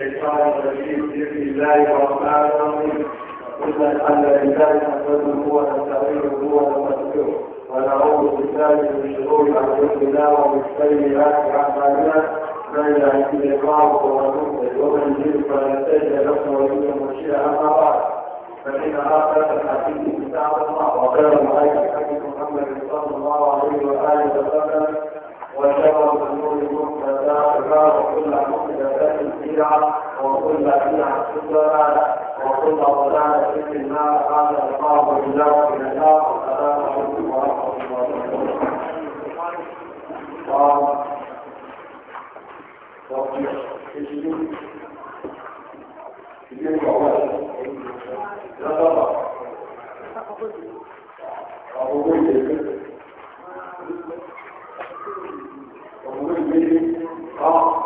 الشيطان الرجيم بسم الله الرحمن الرحيم قل الحمد لله نحمده ونستعينه ونستغفره ونعوذ بالله من شرور انفسنا ومن سيئات اعمالنا من يهده الله فهو مهتد ومن يضلل فلن تجد له وليا مرشدا اما بعد فان اخر الحديث كتاب الله وخير الهدي حديث محمد صلى الله عليه واله وسلم وشر الامور محدثاتها وكل محدثات بدعة وكل بدعة ضلالة وكل ضلالة في النار هذا القاضي بالله من النار السلام عليكم ورحمة الله وبركاته. Oh.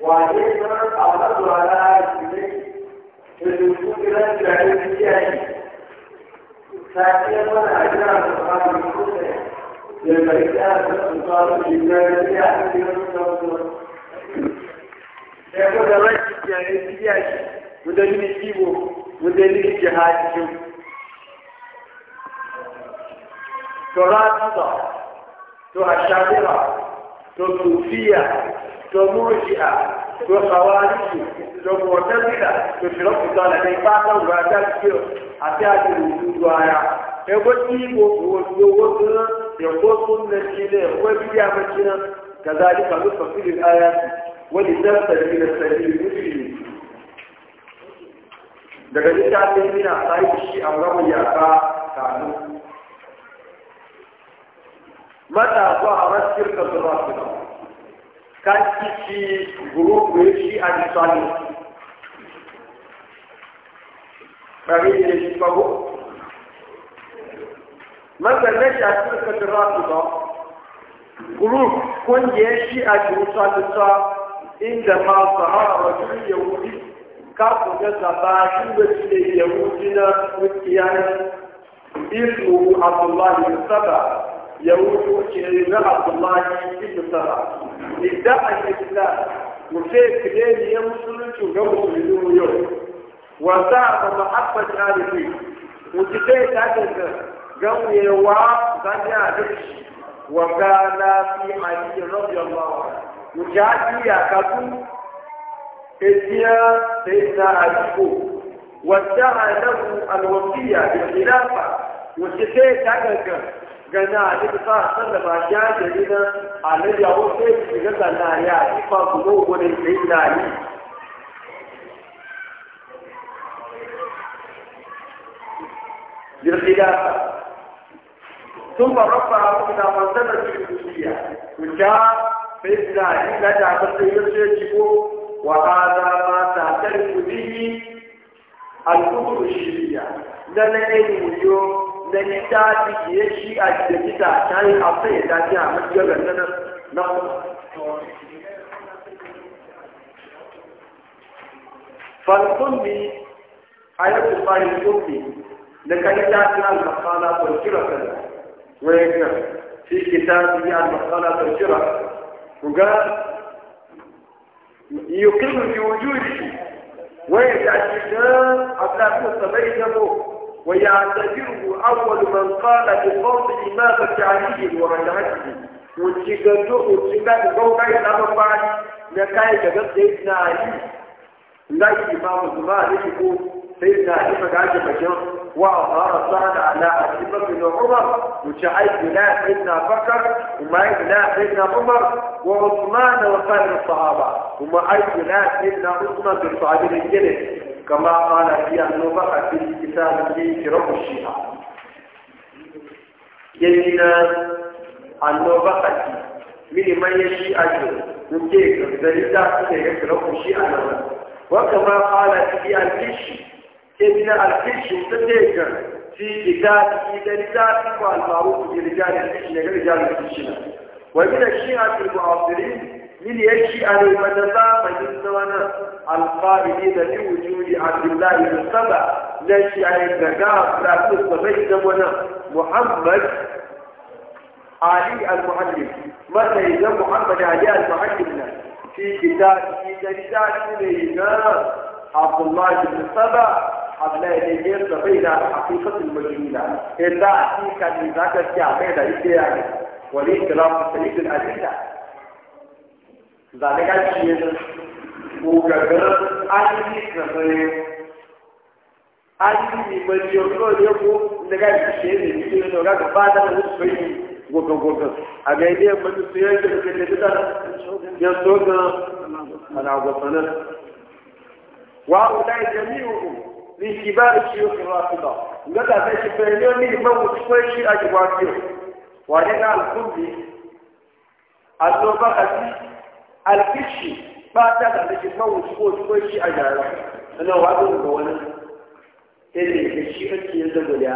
وعليه أعرض على جبريل بالمشكلة العلمية ثانيا أجرى سبحان الحسن للبيتات السلطان الإجرامية التي تنظر يقول الرجل الجاهلية ودليل الجيبه ودليل الجهاد تراثة تؤشابرة تصوفية lọ múrò sí à lọ sàwọn àdìsù lọ mú ọ̀tẹ́ nílà lọ sí lọ́pù tọ́lẹ̀ ní ipá àtàwọn àti àdìsù àti àdìsù ìlú ara ẹgbẹ́ tí mo fòwò sí owó tó ná ẹ̀kọ́ tó ń lẹ́sí ilé ẹ̀kọ́ bí i àmẹ́sí náà kàdá àdìsù àti fàfílì ara wọ́n lè dá sẹ̀lẹ̀ ilẹ̀ sẹ̀lẹ̀ ìlú daga littafin yana tsayi shi a ramu yaka mata zuwa a raskirka zuwa su kaci shi gurupu shi a misali bari ne shi babu masana shi a cikin kadiratu ba gurup kungiyar shi a jirusa inda ma sahara wajen yahudi kapu da zaba shi da yahudi na kungiyar ismu abdullahi saba yahudu ke na amfani shi da sara idan a ke gida mutum ya fide ni ya musulunci ga musulmi mu yau wasa ba ba abba ta da ke mutu ta yi ta daga ganwewa ta ji a duk wa na fi aliyu rabbi allah mutu ya ji ya kasu etiya ta yi ta a jiko wasa a nan alwafiya da kirafa mutu ta yi ta daga gana a duk sa san da ba ya jari na alayya ko sai su ga sanna ya ifa ku go gode da ni dirida tun ba rafa ku na manzan da ku tiya ku ja sai da ni da ta sai ya ko wa hada ma ta tarku biyu al-kubur shiriya dan ne ne na littafi ya shi a da kita ta yi a sai ya dace a majiyar gannan na falkumbi a yi kusurin kumbi na kalitafin al-makala turkira kan wayar nan fi kitabi al-makala turkira kuga yukin fi wujuhi wayar da shi na abu da su sabai da mu ويعتبره أول من قال بفضل إمامة علي ورجعته وتجدو وتجدو قوما إمام بعد نكاية جبت سيدنا علي لا إمام الزمان يجب سيدنا علي مقاعد مجان وأظهر الصعد على أسلم بن عمر وشعيب بلا سيدنا بكر وما بلا سيدنا عمر وعثمان وخير الصحابة وما أي سيدنا عثمان بالصحابة الجلد كما قال في النبخة في الكتاب في كرب الشيعة يجينا النبخة من ما يشيء أجل وكيف ذلك في كرب الشيعة وكما قال في الكشي يجينا الكشي تجيك في كتاب في ذلك والمعروف برجال الكشي رجال الكشي ومن الشيعة المعاصرين من يشي أن المتفاهم يستوانا القائلين لوجود عبد الله بن سبع نشي أن الزكاة لا تستفيد ونا محمد علي المعلم متى إذا محمد علي المعلم في كتاب في كتاب عبد الله بن سبع قبل أن يجب بين الحقيقة المجهولة إلا أحيك أن ذاك الشعب هذا يتعلم والإنقلاب في الأدلة da negativa, o gagã, administração, adini mani yoro ne ko daga shi ne ni ne ga ga ba da mu sai gogo gogo a ga ne mun sai ya ce ne da ya o ga ana go sanan wa ulai jami'u li kibar shuyukh rafida ga ta sai shi ne ni ba mu sai shi a jiwa ki wa ne ga al-kulli al-bakhati alkishi ba ta da take kawo ko ko shi a jara ana wato ga wani irin da shi ake yin da guda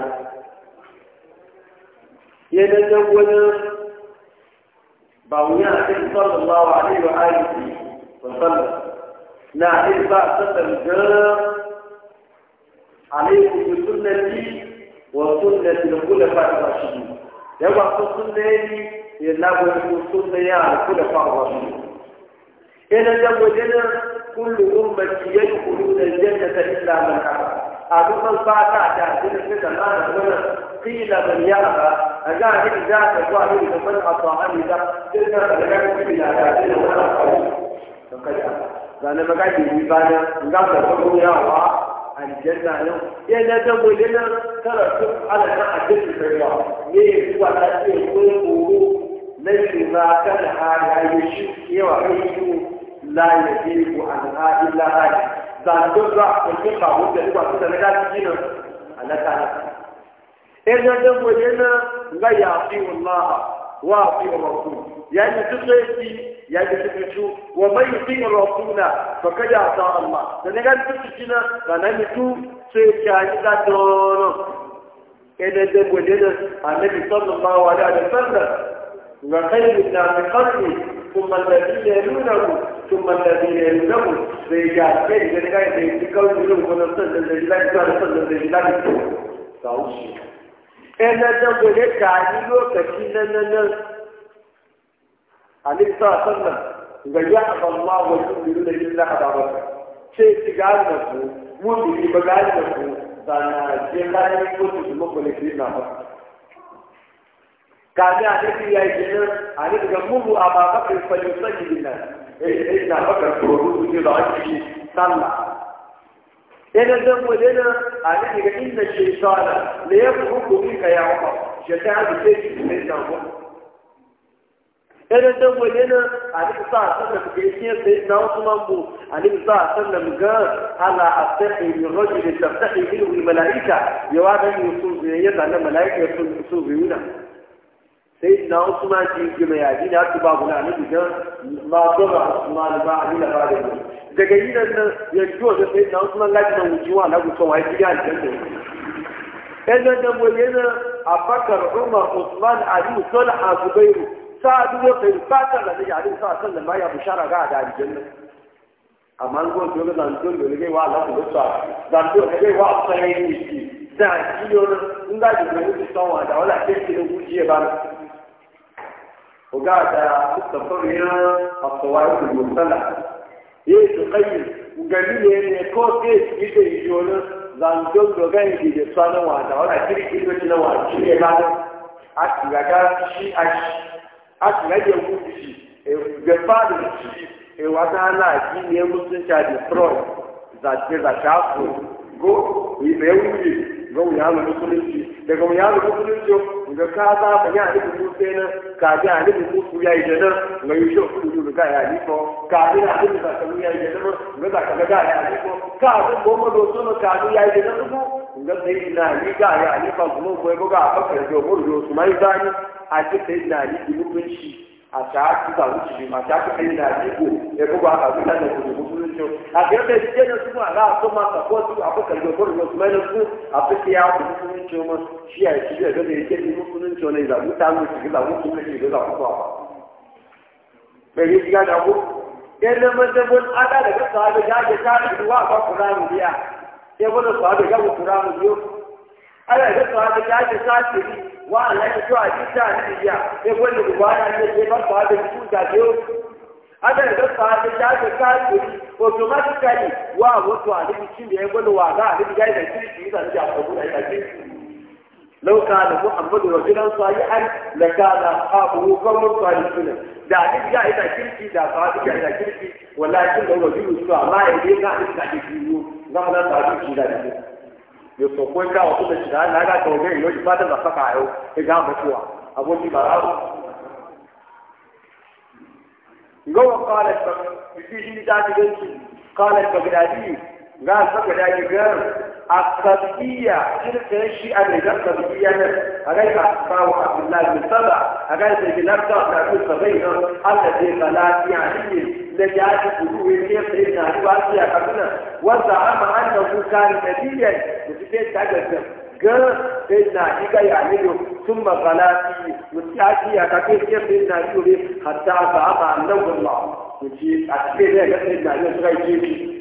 yana da wani ba wuya a cikin sallallahu alaihi wa alihi wa sallam na yin ba sallan gara عليكم بسنتي وسنة الخلفاء الراشدين. يبقى سنة يلعبوا سنة يا الخلفاء الراشدين. لو زوجنا كل أمة يدخلون الجنة إلا من أبى أبو من فاتا جاهزين كذا ما نقول قيل من يأبى أجاهد ذات الظاهر من أطاعني ذا تلك الأجانب إلى جاهزين ولا أطاعني فقد أبى فأنا ما قاعد يجيبانا نقول لكم يا الله الجنة يوم إذا زوجنا ترى شوف على ما أجل في الله ليه هو الأسئلة يقول نجم ما كان هذا يشوف يوم يشوف láàyè bí ipò àná ilá láàyè zandora pẹ̀lú ìpàwọ́ pẹ̀lú àti sẹ̀lẹ́dá ti yín náà àlẹ́kàlẹ́. ẹni ọjọ́ wo yẹn náà nga yà á fi wọn láàbà wọ́n á fi wọn kú yẹn ní tuntun etí yẹn ní tuntun tu wọ́n bá yìí fi wọn kú náà tọ́kẹ́ yà sọ ọ̀ma sẹ̀lẹ́dá ti tuntun náà kàná ní tu tó etí ayé وخير الناس قتلي ثم الذين يلونه ثم الذين يلونه رجال كيف يلقى يتكون منهم ونصد الرجلان ونصد الرجلان فأوشي أنا دبل تعليل وكثير لنا عليك صلى الله عليه وسلم ويعظ الله والمؤمنون إلا على ربك شيء تقال نفسه مؤمن يبقى نفسه فأنا جيلا يكون في المقبل كثير نفسه kaga annabi ya yi nan annabi ga muhu a babakar falisan yi nan eh na eh, bakar tsoro ne da ake yi sallah yana zan wadana annabi ga inna shaytana la yabruku bika ya umar shaytan da ke cikin nan ko yana zan wadana annabi sa sallah da ke cikin sai na Usman bu annabi sa sallah ga ala astahi min rajul tastahi minhu al malaika yawa da yusu ya da malaika yusu yuna sai na wasu ma ji ji mai yaji da su babu na nufi don ma zama ma da ba a nila ba da mu daga yi nan nan yanzu wasu sai na wasu ma lafi nan wucewa na gusa wa ya ji gani can da yi ɗan nan nan wani yana abakar umar usman ali son a zubairu sa'adu ya kai fatar da nake ali sa'a san da ma ya bushara ga a da aljanna amma an gwamnati wani zanzon da nake wa alaƙa da sa zanzon da nake wa a tsaye ne shi da a ciyo nan in za ki gwamnati sanwa da wani a cikin wuce ba وقاعد استطرنا الطوائف المرسلة ايه تقيم وقال لي ان كوت ايش جدا يجونا زان جون دوغان يجي يصانا وانا وانا كيري كيري بشنا وانا كيري بعد اكي لغا شي اش اكي لغا يوم شي جفاد شي e wata ala ki ne mutunta da fraud za ce za shafu ga wuyalu musulunci daga wuyalu musulunci ga ka za ka yi alibi musa na ka ji alibi musu ya yi jana ga yi shan kudu ga ya alifo ka ji na alibi zakaru ya yi jana ga zakaru ga ya alifo ka ji goma da wasu ka ji ya yi jana su ga sai na yi ga ya alifa kuma kuwa ga a bakar da umar da wasu mai zani a ji sai na alibi mutunci ataaku kawutiri mataaku ɛna adigo ɛkoba kawuta na kodo kuturu nso agbɛrɛbɛ ti ɛna tumu ala asoma kakɔtu akɔkɛlɛ ɔkɔlɔ ɔtuma ɛna tu apete awo kuturu nso mo fia esi ɛdɔ de ɛdɛ ni kuturu nso na ìlà wuta awo ti ìlà wutu ne ti ìlà wutu awa mɛri ti kana ko ɛna mɛsɛ bo ada lɛ kɛ sɔɔ abɛgɛ adɛ k'a ti wa akɔ kura nu bia ɛbɔ ne sɔɔ abɛgɛ akɔ kura nu bio ada lɛ kɛ sɔɔ abɛgɛ adɛ k'a ti wa alaka to a jita ni ya e wanda ubana ne ke ba ba da su da yo adan da ta ta ta ta ka ku automatically wa wato a duk cin da ya gwada wa ga ni ga da kirki da ta ko da ta ce لو كان محمد رجلا صالحا لكان اصحابه قوم صالحون da duk ga ita kirki da ba duk ga kirki wallahi kin da wajin su amma yayin da yòtò kó ẹgbẹ́ àwọn tó lè ṣìdá ní adájọ́ ọgbẹ́ ìlú ìgbà dẹ̀gbà sábà ẹ̀rọ ẹgbẹ́ àwọn ẹ̀fọ́ wa àwọn ti bàrà wò. ìgbọ́wọ́ kọ́ alẹ́ o ìdí ìdí dájú lóṣù kọ́ alẹ́ sọ gíga قال فقد أجدام الصدقية شركة الشيء أبدا الصدقية أغير أخبار عبد الله بن سبع أغير سيد نبدا نقول صبينا الذي فلا يعني لجعل قلوب الشيخ سيدنا علي وعلي أخبرنا وزعم أنه كان نبيا وفي تعجب قال سيدنا علي يعمله يعني ثم غلاتي وسيعتي أكبر كيف سيدنا علي حتى زعم أنه الله وفي أكبر سيدنا علي وعلي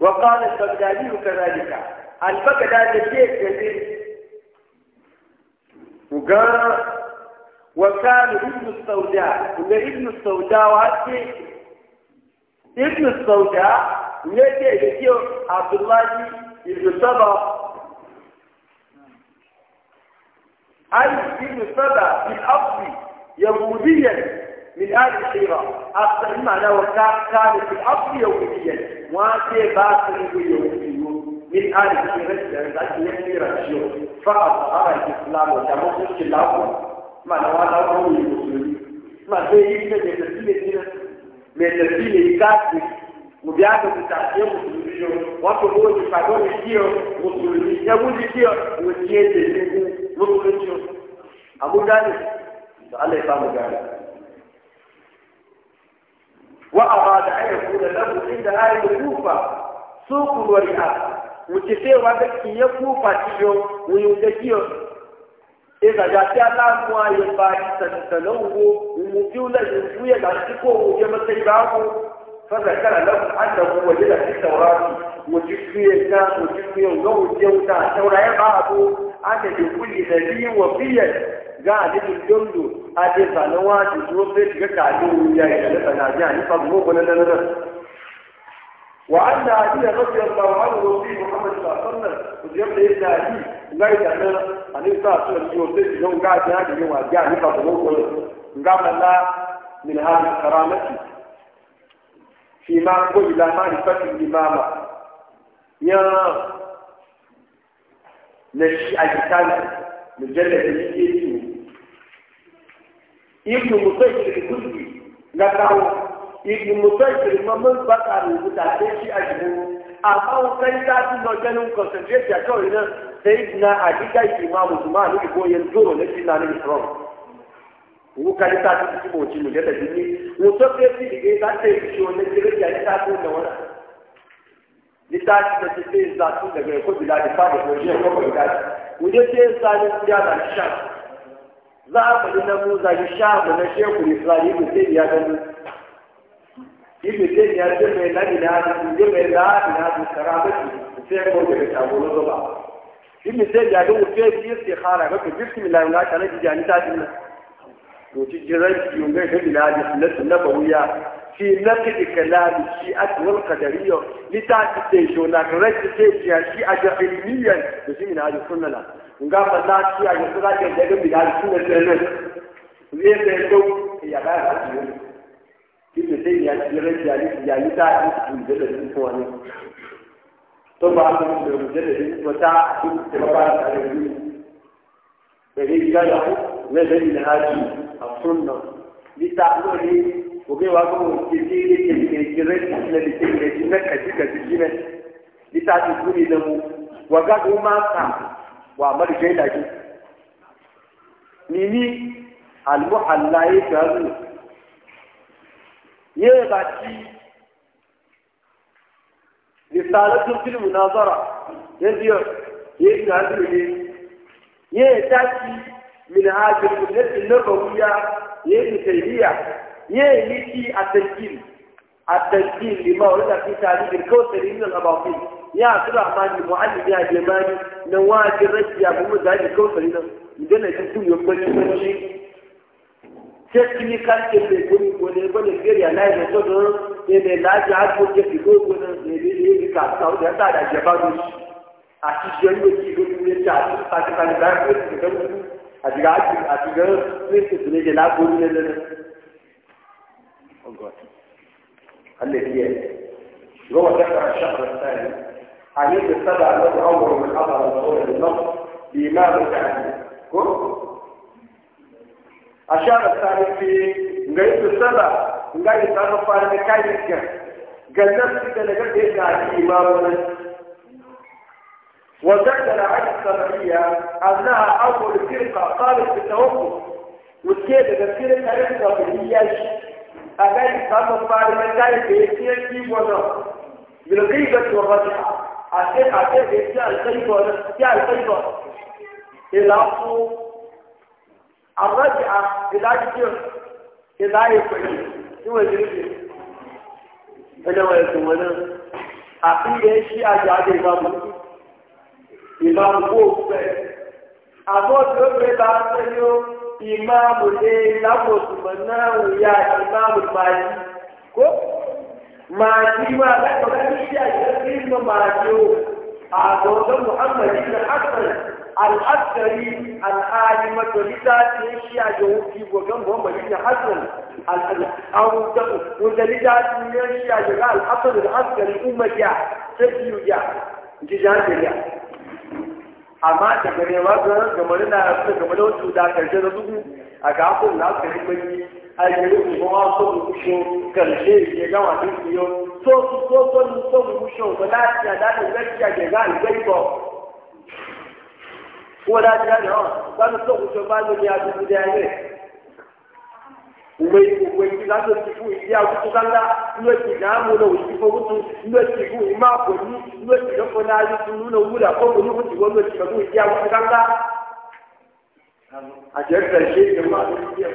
وقال البغدادي كذلك البغدادي شيء كثير وقال وكان ابن السوداء ابن السوداء وهاتي ابن السوداء ويجي يجي عبد الله بن سبا أي ابن سبا في الأصل يهوديا من هذه الحيرة أصل المعنى وكان في الأصل يوميا وفي بعض يومي من هذه الحيرة التي يسير الشيوخ فأظهر الإسلام وتموت وتمسك الأول ما نوالا هو المسلمين ما زي من الذين من الذين يكاتب mbiato mtakia msuluhisho watu huo jifanyoni sio msuluhisho yabuji sio wetiende siku msuluhisho abudani ale kama gani وأراد da يكون له عند أهل الكوفة سوق ورئاسة mukitewa gaskiya kufa ciyo wuyuta kiyo ega jati alamu ayo bari sansalongo umujula yujuya gasiko uje masai babu fadakara lahu annahu wajida fi tawrati mujisiye ka mujisiye ngo uje uta tawra ya babu ana bi kulli nabiyin wa fiyan ga adadin dondo a ce sanin wajen zuwa sai shiga kajin wuya ya da daga kaji a nifa zuwa kuna nan nan wa an da hadin da rasu yadda wa an rufi muhammad sallallahu ku zai da yadda hadi ga da nan a ne sa su yi wasu shiga ga ji hadi ne wa ga nifa zuwa kuna ga malla min hadin karamati fi ma ko ila ma ni fatin imama ya na shi a kitan mujallad ne ke ibn mutaisir kuzi na kawo ibn mutaisir mamman baka rubuta sai shi a jihu amma kai ta fi maganin concentrate a kawai nan sai na a gida ki ma musulma ne ko yanzu ne shi na ne strong wo kari ta fi ci boci mu da jini wo to ke fi ke ta ce shi wannan jira ya ta ko da wala ni ta ci da ce za su daga ko bila da fa ko je ko ko da wo je ce sa ne ya da shan za a faɗi na musa shi sha da na shehu isra'i ibn taymiya da mu ibn taymiya ce mai lamina da ce mai lamina da karabati sai ko da ta bolo zuba ibn taymiya da wuce shi istikhara ga bismillah la ta ji jani ta dinna to ci jiran ki yunga ga biladi sunnatu nabawiya fi nafsi kalami shi atwal qadariyya litati sai shona ga rakki sai shi a jahiliyan da shi min hadi sunnah nga masaaki a yɛsɛra gɛgɛ bɛ bi daa tu na tɛnɛ wie bɛ do yaba yaba tiyo ti bɛ se yɛ yɛrɛ ti ali ti ali ta ali ti tu zɛlɛ ti fɔ ne to ba ko bɛ mu zɛlɛ ti fɔ ta a ti tɛ ba ta ale ti bɛ ne yi ka yɔ ne bɛ yi na ti a fun na ni ta n'o ni o bɛ wa ko ti ti ne ti ne ti ne ti ne ti ne ti ne kasi kasi ti ne ni ta ti tu ni ne mu wa ka ko ma ta wa marje da ke nini almuhalla ya garu ya ba ci risalatun fil munazara yanzu ya yi nazu ne ya tashi min hajjin kullatin na bawiya ya yi tayyiya ya yi miki a tankin a tankin lima wanda fi tarihin kawai tarihin al-abafi ya abdurrahman bin mu'allib ya jemani na wajin rashi ya bumu da ji kawai nan idan na ji kun yo bani bani technical kebe gori ko ne bani gari ya lai da to don ne ne la ji har ko ke ki ko ko nan ne ne ne ka ta da ta da jaba du a ti je ne ki ko ne ta ta ta ta da ko ki da mu a diga a diga ne ki ne je la ko ne ne oh god Allah ya yi. Gowa ta shahar tsari حديث السبع الذي أمر من حضر الظهور للنصر بإمام التعليم كم؟ أشار الثاني في نجيب السبع نجيب تعرف عن مكانك نفسك كده نجيب إيه على إمامنا وذكر عن السبعية أنها أول فرقة قالت بالتوقف وكيف تفكير الأرقة بالإياش أغاني تعرف عن مكانك إيه كيف بالغيبة والرجحة àti àtẹ̀lé tí àìsàn ìbọn tí àìsàn ìbọn ìlà fún àbájá ìdájíjọ ìlà ìpè níwọ̀n ìdíje ẹlẹ́wọ̀n ẹ̀sùn wọn náà àti ilé ṣí àjọ àti ìbámu ìbámu kó o fẹ́ àbọ̀ tí ó fẹ́ bá fẹ́ ní ó ìmáàmù lé lápòtùmọ̀ náà wùyá ìmáàmù máa yí kó máa yí máa lẹ́kọ̀ọ́ láti ṣí àjọ. ابن ماجو أعطوه محمد بن حسن الأكثري العالم ولذا تنشي أجوكي وقام محمد بن حسن أو ولذا تنشي أجوكي الحسن الأكثري أمة جاء تسيو جاء جيجان جاء amma daga ne ba su game da game da wasu da karshe da dubu a gafin na karimani a yi kuma so mu kushin karshe ya gama duk yau so su so so mu so mu kushin ba da ya da da gaskiya ke ga albai ko ko da ya da ba mu so kushin ba mu ya duk da ne uwe uwe ki la do ti fu ya ku tu kanda lo ti na mu lo ti fo ku lo ti fu ma ko ni lo ti ko na yu tu lo wu da ko ku ni ku ti ko lo a je ta shi ke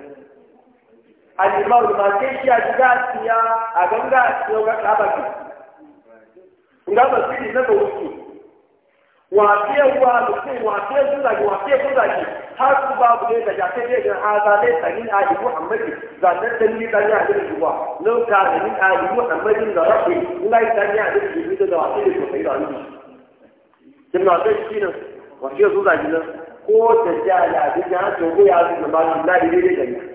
alimar ma ke shi a shiga siya a ganga siya ga kabaki nga ba shi na ba wuce wa ke wa mutum wa fiye zuzagi wa fiye zuzagi har su babu ne da jafe ne da haza ne tsanin ali muhammadi tani da ni tsanin ali da shuwa nan ka da ni ali muhammadin da rafi nga yi a ali da shuwa da wasu da sosai da wani kin na sai shi nan wa fiye zuzagi nan ko da jala da jihar togo ya zuba ba su na daidai da ni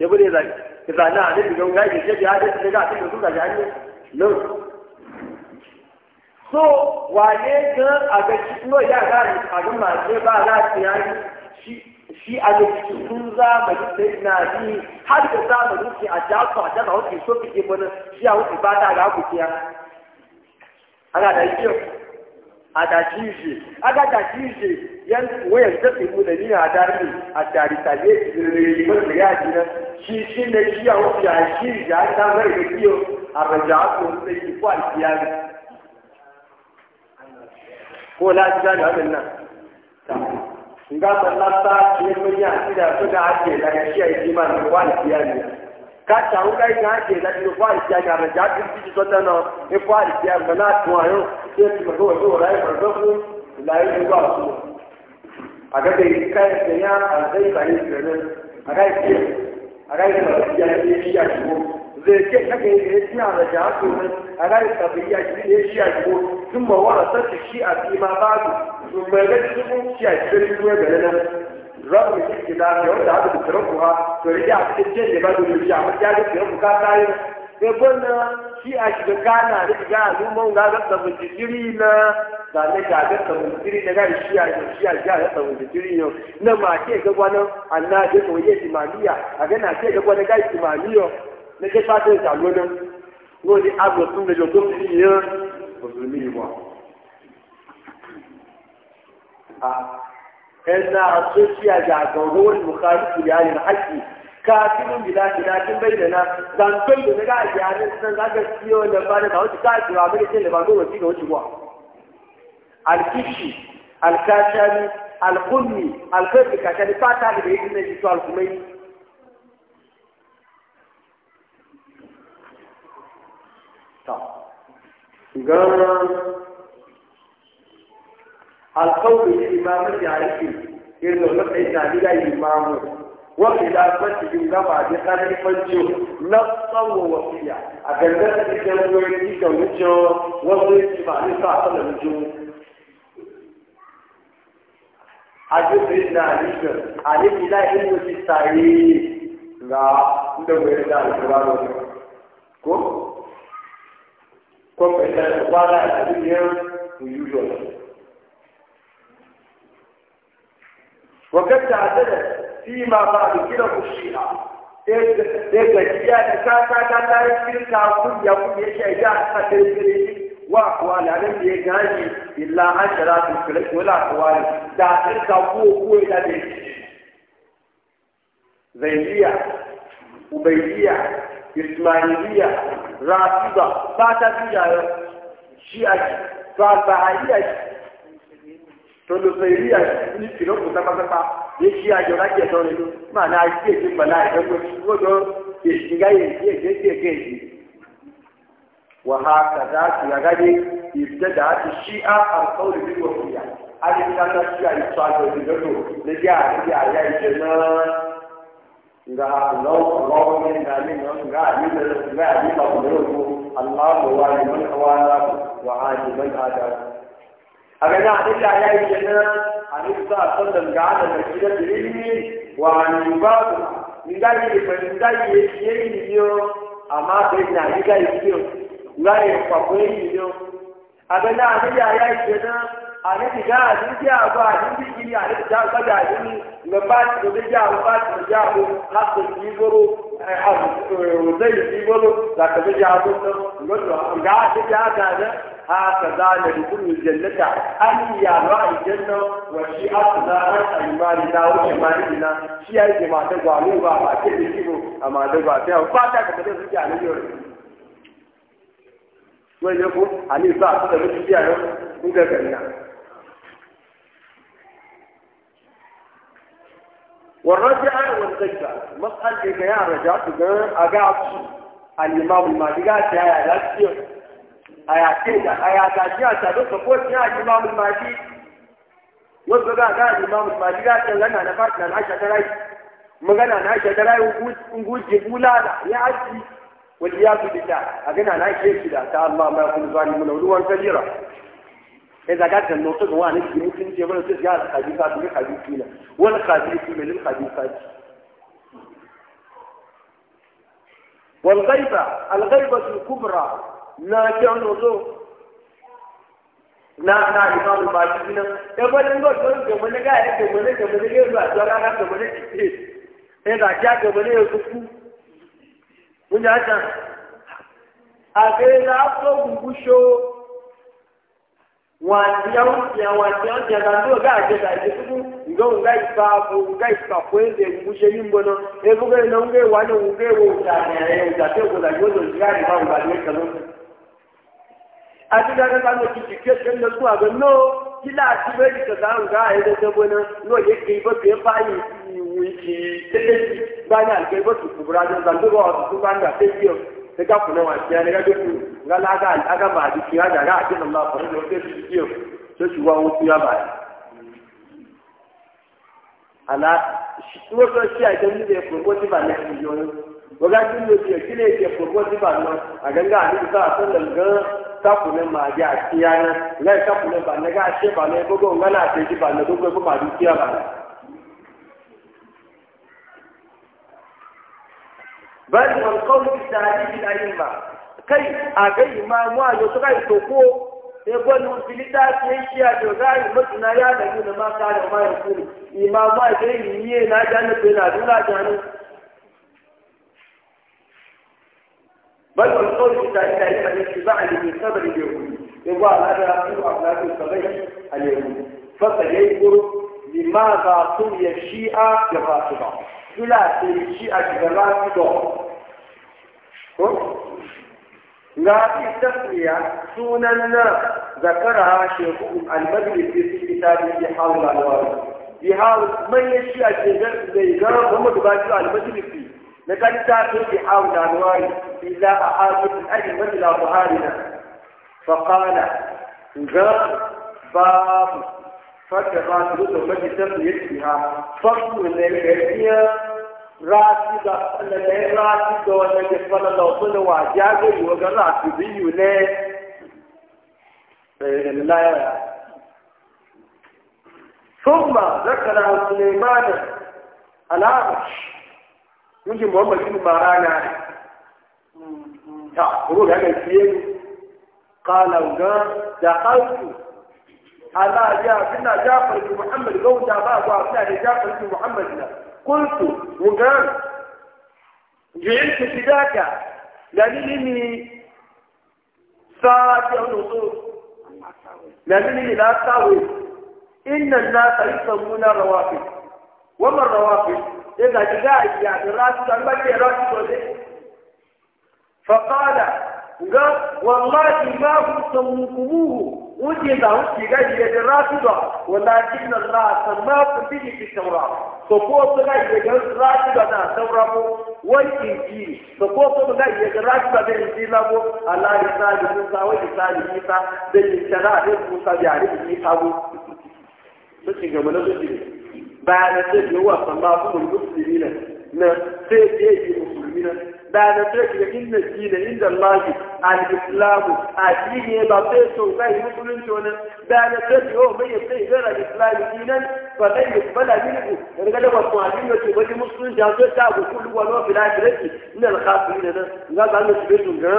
ya bude zaki iza na ne diga ga ke ce ya ce ga ce su ga jani no so waye ga a ga shi no ya ga a ga ma ce ba ga ce ya shi shi a ga shi sun za ma ji sai na ji har da za ma ji a ja ko da ba wuce so ke bana shi a wuce ba ta ga ku kiya ana da yau adakije adakije yan wayar da ke mu da ni a dari a dari tale ne mun da yaji na shi shi ne shi ya wuce a shi ya ta bar da kiyo a raja ko sai ki kwa kiyali ko la ji da wannan nan in ga sallah ta ce mun ya shi da su da ake daga shi ya yi man kwa kata ŋu ka yi gã dze la ɖo fɔ alisia nya me dza ti ti sɔ tɛnɔ efɔ alisia me na tún ayo tí esi me gbɔ wòle ayi me gbɔ fún la yi ŋgɔ asu mo agake yi ka yi se nya ase yi ka yi se ne aga yi se aga yi se ya yi yi ya ti wo ze ke ake yi ke esi ame dza tu ne aga yi se be ya yi yi ya ti wo tu me wɔ ase ti si ati ma ba tu tu me ɖe tu si ati pe tu me gɛlɛ ne rabu da shi da ya wanda haka da tsirin kuwa to rike a cikin jen ba da rufi amma ya ga tsirin kuka kayi ne gwamna shi a shiga kana da shiga al'umman ga ga sabon jiri na da ne ga ga sabon jiri na ga shi a shi a ga sabon jiri ne na ma ke ga gwanan annabi ko yake timaniya a ga na ke ga gwanan ga timaniyo ne ke fatan salonan lórí agbọ̀tún lè jọjọ́ sí yẹn mùsùlùmí wa. إن الصوفي أجاكم يعني هو المخالف لأهل الحكي كاتب بلا خلاف بيننا زنبل لنا يعني سنغاك سيو لبانا تاوتي كافر عمري سيو لبانا وسيو وشبوا الكشي الكاشاني القمي الفرد الكاشاني فاتا لبيتنا جيسو القمي طب قال القول بالإمامة عليه إنه نفعي تعليل الإمام وخلافة جملة بقدر فنجو نصا ووصية أجلت الجنوين كوجو وصيت معرفة على الجو أجل عليك عليك لا إنه تستعيد لا ندور إلى القرآن كم كم إذا قال الدنيا unusual وقد تعددت فيما بعد كلا الشيعة إيه إذا كان كاكا كاكا يكفر كاكا يقول يشيجا كاكا وأقوال لم يجاني إلا عشرات الفلس ولا أقوال داخل كفوه كوي لديه زيدية وبيدية إسماعيلية رافضة فاتبية شيعة فالبهائية tolóso eré ní tìlókù sápásápá yéṣi àjọra jẹtọ rẹ máa ní ayé èdè pẹlú àìdọgbọ gbọdọ èsì gáyé èsì èsì èsì èké èsì. wàhá kàdá ti àgáyé ìbùdẹ́dà ti ṣí á àǹkọ́ òrìbí wọ̀ fún yà á ní kí káta sí àìsọ àjọ ìdílọ́dọ̀ lẹ́bí àti àyà ìṣẹ̀ náà. nga lọ́wọ́ lọ́wọ́ ní ìdálé náà nga àyè lọ́wọ́ nga àyè lọ́wọ́ lọ́wọ́ aláwọ̀ wa ni mọ́ta wa Agana ila ya yi jana ani ta san da ga da kida dirimi wa ni ba ku ni ga yi ba ni yi ye ni yo ama be na ni ga yi yo yi pa ni ya yi jana ani ti ga ni ti a ba ni ti ki ya ni ta ka ni ba ni ga ba ni ga ha zai yi wani za ka zai ya zuwa wani ga ake ya gane haka za na rukun jannata an yi yaro a janna wa shi a su za a imani na wuce mani ina shi ya yi jima ta gwalo ba ba ke da shi kibo a ma da ba ta ba ta ka zai suke a nan yau wani yau ko a ne ba su da mutu biya yau? kun ga ganna والرجع والضجة مسألة يا رجع تقول أقعد الإمام المالي قالت يا لاتيو أيا كيدا أيا كذا تدوس فوت يا الإمام المالي وزغا قال الإمام المالي قالت لنا نفاتنا فاتنا العشاء تراي مغنى العشاء تراي وجود وجود لا يا عزي والعياذ بالله أقنا العشاء كذا الله ما يكون ظالمون ولوان كثيرا إذا قالت النقطة هو أنا في ممكن يقول لك قال خبيثات من خبيثين ولا خبيث من الخبيثات والغيبة الغيبة الكبرى لا تعلو na na imamu baki gina ya bani ba don gaba e e na ga ya gaba na gaba na ya ba don ana gaba na ke ne da ja gaba na ya kuku mun ya ta a ga na so gugusho wantiyautya wantiyautya kandiwo gajegajetuku nga ungaipavo ungaipakwenze ngushe nimbono evukena ungewane ungewo utatekoza jozo zikali vaungaliekalonga atigaka kano n'oge kuwaga no kilativekikazanga edetebona noyekeivo tepani wiki teteki bani alkeivo tukuburajo zanduvawa tukubanga tekiyo sai ka kula wa kiya ne ga dukku la ga aga ba di kiya ga ga ajin Allah ko ne wata shi kiyo sai shi wa wuce ya ba ala shi so si a ko ko ba ne shi yo ko ga kin ne ke kile ke ko ko ba no a ga ga ni ka san da ga ka ma ga kiya na ga ba ne ga she ba ne ko na ce ba ne ko ko di bali walkauli bitaalihi lilaima kai agai a yo to kai to ko e gwan no filita ke shi a to dai mo ya da ni na maka da ma yuru imamwa dai ne na janna to na dula janu bali walkauli bitaalihi lilaima ni tiba a yi sabr bi yuri e gwa ala da ku aflatu sabai ali yuri fa sayyuru limaza tu yashia ya fasuba ila sai shi a shiga ga fi tasmiya sunan na zakara shekun almadri fi kitabi hau hawla alwari bi a shiga zai ga Muhammad Baki almadri fi na kan ta fi bi hawla alwari illa a hadisin mafi labu buharina fa qala ga babu فكما تقول مجلسة يكفيها فصل الأيدية راتب الذي راتب والذي فلا لوصل وعجاجه وقال راتبي ليه لا يرى ثم ذكره سليمان الأعرج يجي محمد بن مرانا تعبرون هذا الكلام قال دخلت على جابنا جعفر بن محمد لو جابا وابنا جعفر بن محمد لا قلت وقال جعلت فداك لأنني ساعة النصوص لأنني لا أساوي إن الناس يسمون الروافد وما الروافد إذا جاء يعني راسك ما راسك فقال قال والله ما هم سموكموه وجد في غير الرافضة ولكن الله سماكم به في التوراة فقوت غير الرافضة توراة والإنجيل فقوت غير الرافضة الإنجيل على لسان موسى ولسان عيسى بالشراء موسى بيعرف عيسى suke game da suke bayan da ce yawa sallah kuma musulmi ne na sai ya yi musulmi ne da na ce ga inna dina inda Allah al-Islam addini ba sai to kai musulunci wannan da na ce yo mai sai ga al-Islam dinan fa dai bala minhu daga da wasu addini to bai musulunci an sai ta ku kullu wa lafi da kirki inna al-khafirin da ga ba mu shi tun ga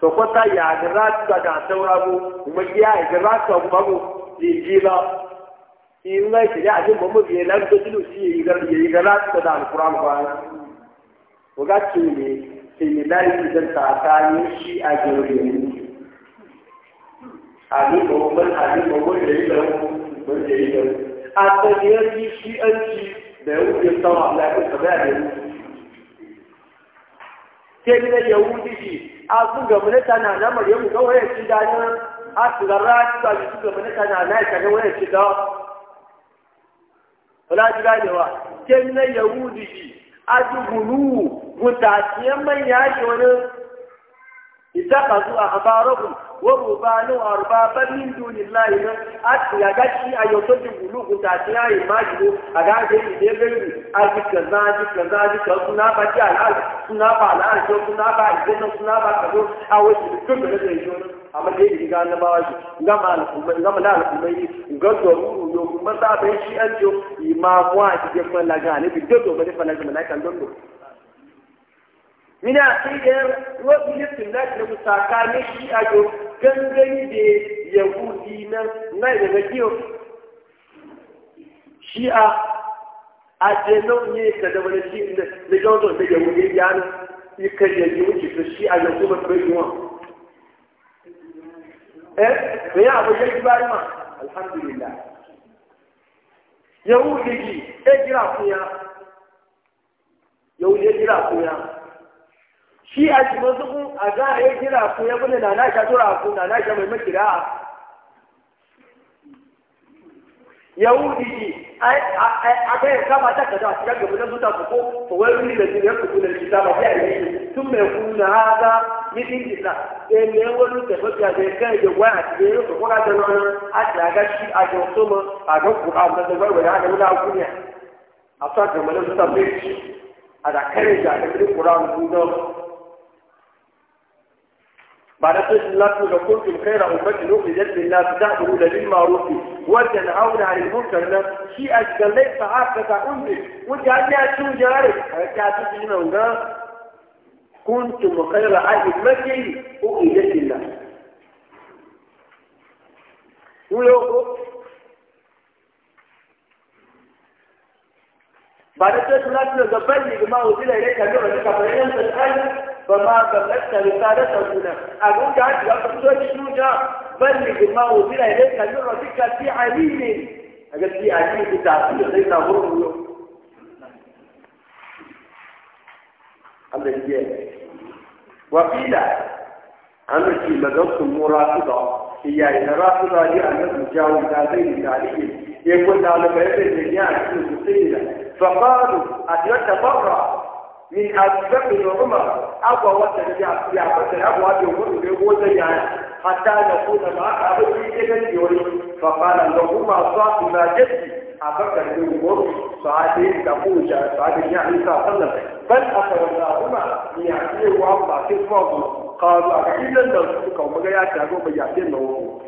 so ko ta ya ga rata da saurabo kuma ya ga rata ba mu jira in ga shi da abin ba mu biye lan da tulu shi ya yi ga rata da al-Qur'an ba wakati ne similarity da tsakanin shi a jirgin abin da wani abin da wanda ya zau wanda ya zau a tsakiyar yi shi an ci da ya wuce sama na ya kusa da ya ke gina ya wuce shi a kun gaba na tana na maryamu ga waya ci da nan a tsirarra ci ba su gaba na tana na ya kaga waya ci da wala ji ganewa ke gina ya wuce shi adugulu mutasiyan manya shi wani اتخذوا أخبارهم ورهبانهم أربابا من دون الله من أتيغتي أن يصدق قلوب تاتيها يماجه أغاثي يدير أجي كذا أجي كذا أجي كذا سنا بجي الآن سنا بالآن شو سنا بالجنة سنا بالكذا أو يشتكم من الجنة أما ليه يقال لما واجه نما لكم نما لكم يجي نقدر يوم مصابين شيئا يوم إمام واجه يفعل لغاني بجدو بدي فلغاني ملايكا لندو ina akidar wasu nufin na da musaka ne shi a yau gangani da yahudi na na daga kiyo shi a ajenon ne ka da wani shi na johnson da yahudi ya nan ikan yaji wuce ta shi a yau kuma bai yiwa eh me ya abu yaji bari ma alhamdulillah yahudi ji e jira kuya yahudi ya jira kuya shi a cikin zuku a za a yi kira ya bude na nasha tura ku na nasha mai makira yahudi a ga ya kama ta kaza a cikin gaba na zuta ku ko ko wai da ya ku shi ta yi tun mai kuna mitin isa e me wani da ba ya da kai da a cikin yau ko ga da nan a ta ga shi a ga so mu a ga ku a da wai wai a na kunya a sa gaba na zuta bai a da kare da da Qur'an بعد ذلك الله تقول كنتم خير أمة الله للناس تأمرون بالمعروف وتنهون عن المنكر لا في أجل ليس عاقة أنزل وجعلنا شو جارك كاتب هنا كنتم خير أمة أخرجت للناس ولو بعد ذلك الله تقول بلغ ما أنزل إليك من ربك فإن تسأل فما بلغت رسالته هنا أقول جاءت يقول شنو بلغ ما وزير إليك من ربك في عليم أقول في عليم بتعطيه ليس غرور الله يجيه وقيل أمر في مدرسة مرافضة هي إن رافضة لأن مجاوز هذين التعليم يقول لعلم يبدو الدنيا في المسيرة فقالوا أن يتبرأ min azzabi da umar agwa wata da ya fi yawa da agwa da wani da ko da ya hatta da ko da ba a ba shi da kan yori fa kana da kuma sa ina jaddi a bakar da ko sahabi da ko ja sahabi ya isa sallallahu bal akarna kuma ya ce wa ba sai ko qalu a idan da suka kuma ya tago ba ya ce na wani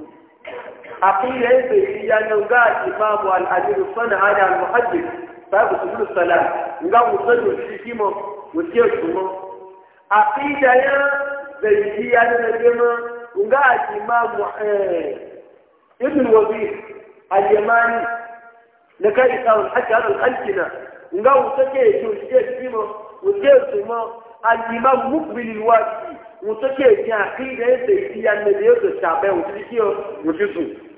أقيل عقيدة البيتية نوقع إمام الأمير الصنع على المحدث فهو طيب، سبيل السلام نقام وصلوا الشيكيمة وسيرتهم عقيدة البيتية نوقع نقع إمام آه، ابن الوزير اليماني لكي يساوي حتى هذا الخلقنا نقام وصلوا الشيكيمة وسيرتهم الإمام مقبل الواجب يا أخي وتكي عقيدة البيتية نوقع الشعبية وتكي وتسوه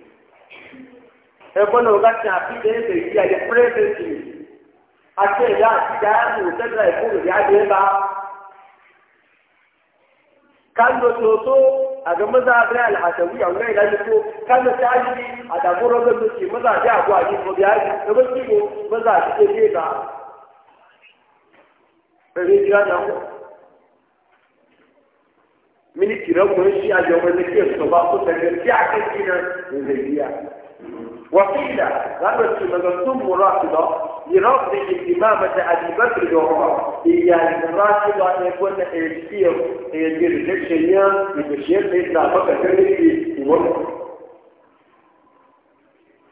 ẹgbọ́n náà láti àfihàn ẹgbẹ́ yìí ayé pírẹ́sẹ̀tì àti ẹ̀yà àtijọ́ àti òṣèlú ìfowópamọ́ ìyá adé bá. kando soso a ga maza bai alhasawi a wani ilaji ko kando tashi a damuwar wani soke maza bai a gwaji ko biya ji da wasu ko maza a cikin ga ɗari jira na ku من الكلاب ماشي على يوم الكيف تبعثوا تجربة كثيرة من ذي وقيل غرس من الثم مراقبة لرفض اهتمامة أبي بكر وعمر إيا المراقبة أن يكون إيجير إيجير الشيء يتشير إذن أبقى تريد ومر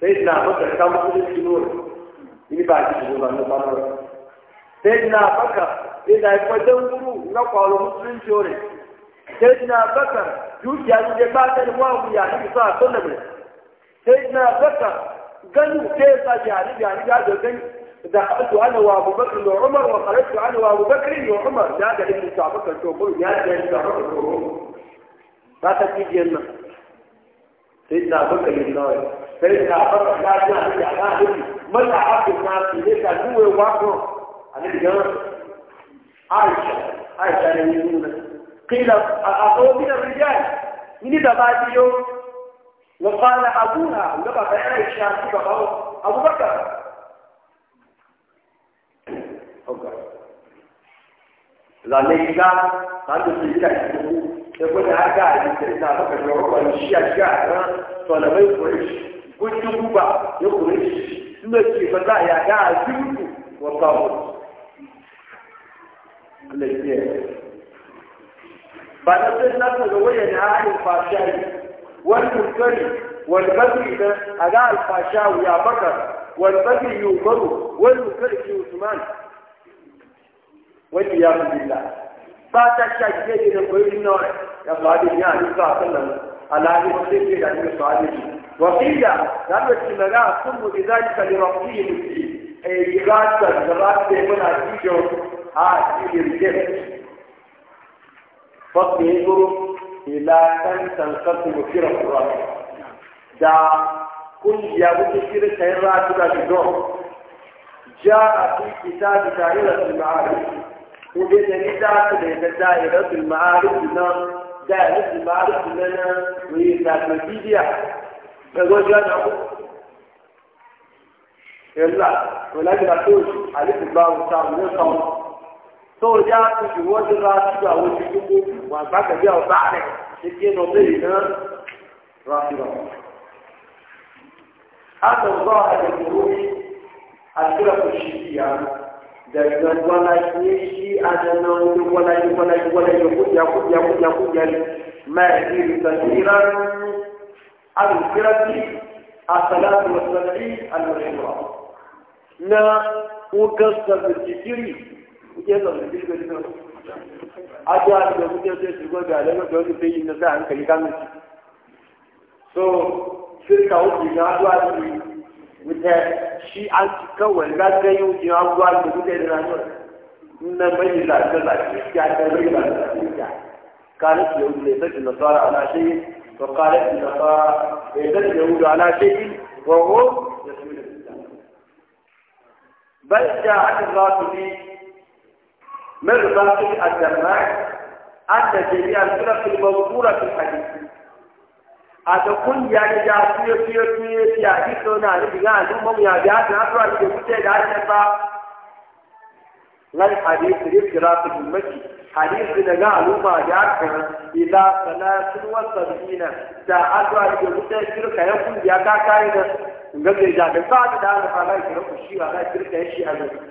فإذن أبقى كم كل السنور إني بعد سنور أنه مرر فإذن أبقى إذا يكون دوره نقع على مسلم شوري سيدنا بكر يوجد على يعني جبات الواو يا يعني نبي صلى الله عليه وسلم سيدنا بكر قالوا كيف جانب يعني هذا يعني قال دخلت انا وابو بكر وعمر وخرجت انا وابو بكر وعمر هذا اللي سابقا تقول يا سيدنا عمر ما هذا لنا سيدنا بكر الله سيدنا بكر لا جانب يا نبي ما عرف الناس ليش هو واقع انا عايشه عايشه اللي يقولون قيل أقوى من الرجال من دباتي وقال أبونا لما بحر الشاسي فقال أبو بكر أوكي لا نيجا تاني سيجا يقول هذا يقول هذا بكر يروح ويشيا جا فأنا ما يقولش قلت جوبا يقولش نجي فدا يا جا جوبا وصابه الله يجزيه بعد بنصر نفسه وين عن الفحشاء والمنكر والبغي ده أجا الفحشاء يا بكر والبغي يوبر والمنكر في عثمان والعياذ بالله فاتا شاكيه من قيل النور يا صاحبي يا عليه الصلاة والسلام على هذه السيدة عليه الصلاة وقيل لم يتمنع ثم بذلك لربه مسلم أي إغاثة الزراعة من عزيزه هذه الجنة فقط ينظر إلى كم تنقسم فرق الراتب دا كل يابد فرق الراتب بدون جاء في كتاب دائرة المعارف وبين كتاب دائرة المعارف لنا دائرة المعارف لنا وإذا تنفيذها فقال جاء يلا نعم. ولكن أقول عليك الله تعالى من الصوت tó o já tuṣù wọ́n ti ra tuṣù àwọn oṣù gbogbo wà gbàgbẹ́bí ọ̀tá rẹ̀ ṣe kí ẹnu ọ̀bẹ̀rẹ̀ náà rà sí lọ. àtọ̀gbọ́ àdìgbòrò àtúrọ̀kù ṣì kì yá dẹ̀gbẹ̀ wọláyé ṣí àdáná ojú wọláyé wọláyé wọláyé kújà kújà kújà kújà mẹ́rin ìrìnsàkìrà àlùkìrẹ́sì àtàlàtì ọ̀sẹ̀ sí àlùkìrẹ́sì náà wọ́n kẹ́sàn-án kuke zaune jirgin jirgin ajiya da kuke sai su gwada da yadda wani sai yin nasa hankali kan so shirka wuce na zuwa ne wuta shi an ci kawai za ta yi wuce na zuwa da kuke da nasu na mai da ta zafi ya ta mai da ta zafi kanin su yahudu ne sai nasara ana shi to kanin su nasara ne sai yahudu ana shi wa ho da su da bal ja'at ar-rasuli ماذا بقي الجماع عند جميع الفرق المذكورة في الحديث أتكون يعني جاء في في في في حديث هنا لبقى عندهم هم يعني جاء ناس وعلى كبتة جاء جاء الحديث في الفرق المذكورة حديث نجا علوم جاء كان إذا صلاة وصلينا جاء أتوا على كل كان يكون جاء كائن نجد جاء بعد دار فلا يكون شيء ولا يكون شيء أجنبي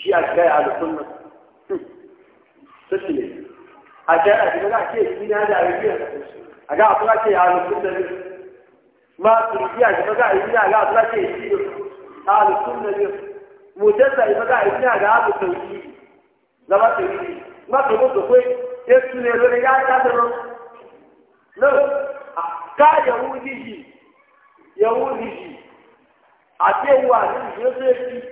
shi a kai a sunna sashi ne a ga a ga ke dina na arabiya a ga a ce a sunna ne ma turkiya ga ga a dina ga a na shi a sunna ne mutasa ga ga a dina ga a tauhidi zama tauhidi ma to ko ko na tunne ga ka a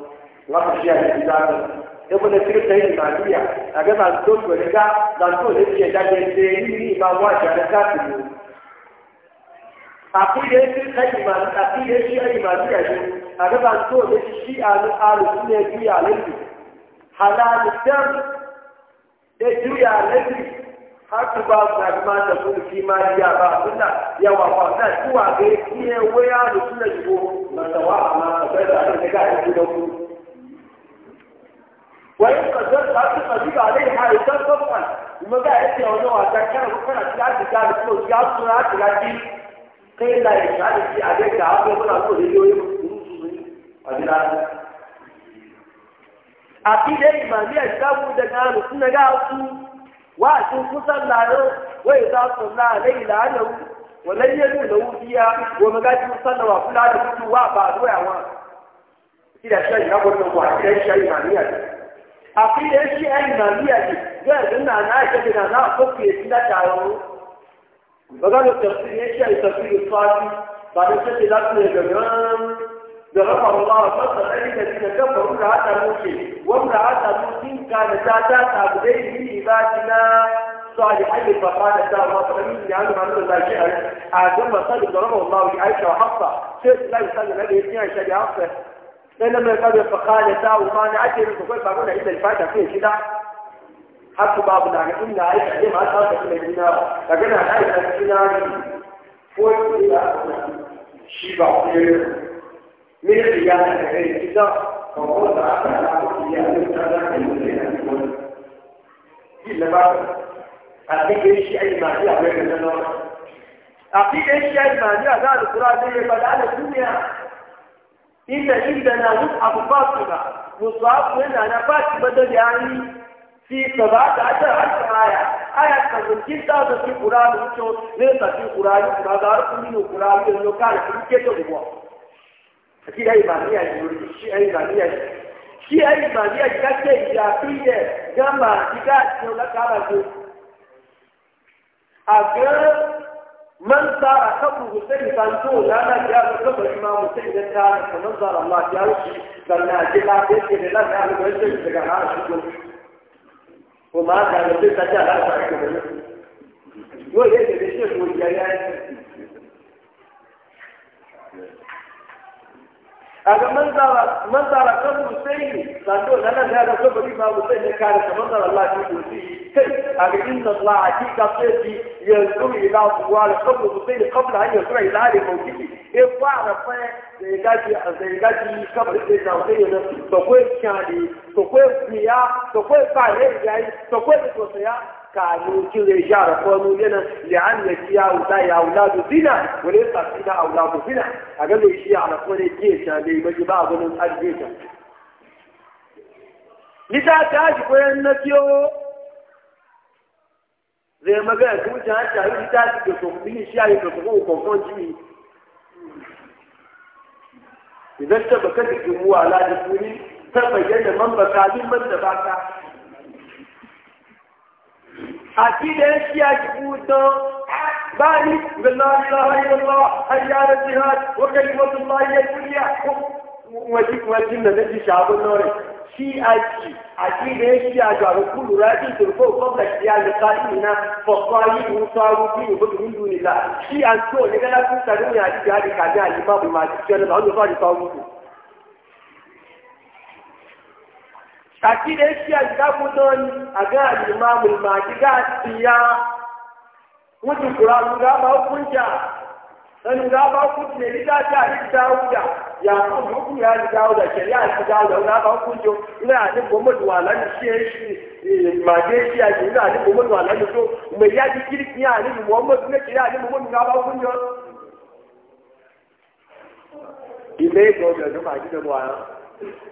wata shi a cikin zaɓin ibn sirta yin maliya a ga za su doki wani ga za su ne ke da ke ce yi ma wa shi da ta su ne a fiye sirta yin maliya a fiye shi a yin maliya shi a ga za su ne shi a nan alu su ne juya lalle halalitan da juya lalle har su ba su na kuma da su fi maliya ba suna yawa ba na zuwa ga yi waya ويبقى الزرق عبد المجيد عليها إنسان طبعا وما بقى إنتي أولوها ذكرة وكان أتلاعب بتاعي اسمه جعب صناعات العجيب قيل لا يشعر في عليك عبد يقول أقول إيه ويقول أدي العالم عقيدة إيمانية الكتاب ودنان وكنا قاعدوا وأتوا كسر لعنه وإذا صلى عليه لعنه ولن يدونه فيها ومقاتل صلى وكل هذا كله وعباد وعوان كده شيء أقول لهم وعقيدة شيء إيمانية عقيدة الشيعة الإمامية دي قال إن أنا أشهد أن أنا أفكر إن تعالوا وقالوا التفسير الشيعة التفسير الصادق بعد الشيخ الأكبر الجمال بغفر الله فضل ذلك الذين كفروا امرأة موسى وامرأة موسى كانت تاتا تعبدين من عبادنا صالحين فقالت لا ما تغنيني لأنه عمل الله شيئا أعزم صلب ضربه الله لعائشة وحفصة شيخ لا يسلم هذه الاثنين شيء حفصة لما قال فقال تاو ما نعتي من فقال فقال إلا الفاتح فيه كده حتى بابنا الناس إلا عيش عليهم على الأرض من الدينار لكن أنا عيش على الدينار فوق إلى شيبة من الخيانة غير كده فقال تعالى على الخيانة إلا بعد أعطيك شيء أي ما هي أعطيك أي ما هي هذا القرآن يبدأ على الدنيا إذا عندنا مصحف فاطمة مصحف من أنا فاطمة ده يعني في سبعة عشر ألف آية آية تقول جدا في القرآن وشو ليس في القرآن القرآن من القرآن من القرآن في كتب الله أكيد أي معنى يعني شيء أي معنى يعني شيء أي معنى يعني كذا إذا فيه جمع إذا كذا كذا أجل من صار قبره سيفا طولا ما جاء قبر امام سيد كان فمن صار الله جاءه قالنا جلا بيت لا نعلم ايش كان وما كان بيت جاء لا تعرف ويجي بيشوف وجايات kaga man zara kan musayi zato nan nan ya zato bari ma musayi ne kare kamar zara Allah ki dosi kai kaga inna Allah hakika sai yanzu ila suwal qabla musayi qabla an yusra ila ali mawqiti e fara fa da ya gaji da ya gaji kabar sai da sai ne to ko kyali to ko biya to ko fare yayi to ko to saya كانوا كل رجال قالوا لنا لأن فيها أولاء أولاد زنا وليس فيها أولاد زنا أقول شيء على قول الجيش اللي مجمع ضمن الجيش لذا تاج قوين نتيو زي ما قال كل جهاز تعيش تاج بسوق شيء بسوق وكفون جي. إذا اشتبكت الجموع على دفوني تبين من بكالي من تبعك عقيدة يجبوتو بالي بالله لا اله الا الله حي على الجهاد وكلمة الله هي الدنيا وجيك وجينا نجي شعب النور شيء أجي عقيدة شيء أجي على كل راجل ترفو قبل اشتياء لقائمنا فقائل وصاروا فيه وبدوا من دون الله شيء أنتو لقد لا كنت تدوني عقيدة هذه كاجة الإمام المعجب كان الأمر صار يصاروا kaki da yake ga mutum a ga limamul ma ga tiya wuce kuranu ga ba hukunta ga ba ne ta yi ya kuma hukun ya yi ya yi dawuda ga ba hukunta ina a ni goma duwa shi shi eh, ya a duwa ya ji kirki ya ni ne ya ni muhammadu ga ba hukunta ibe da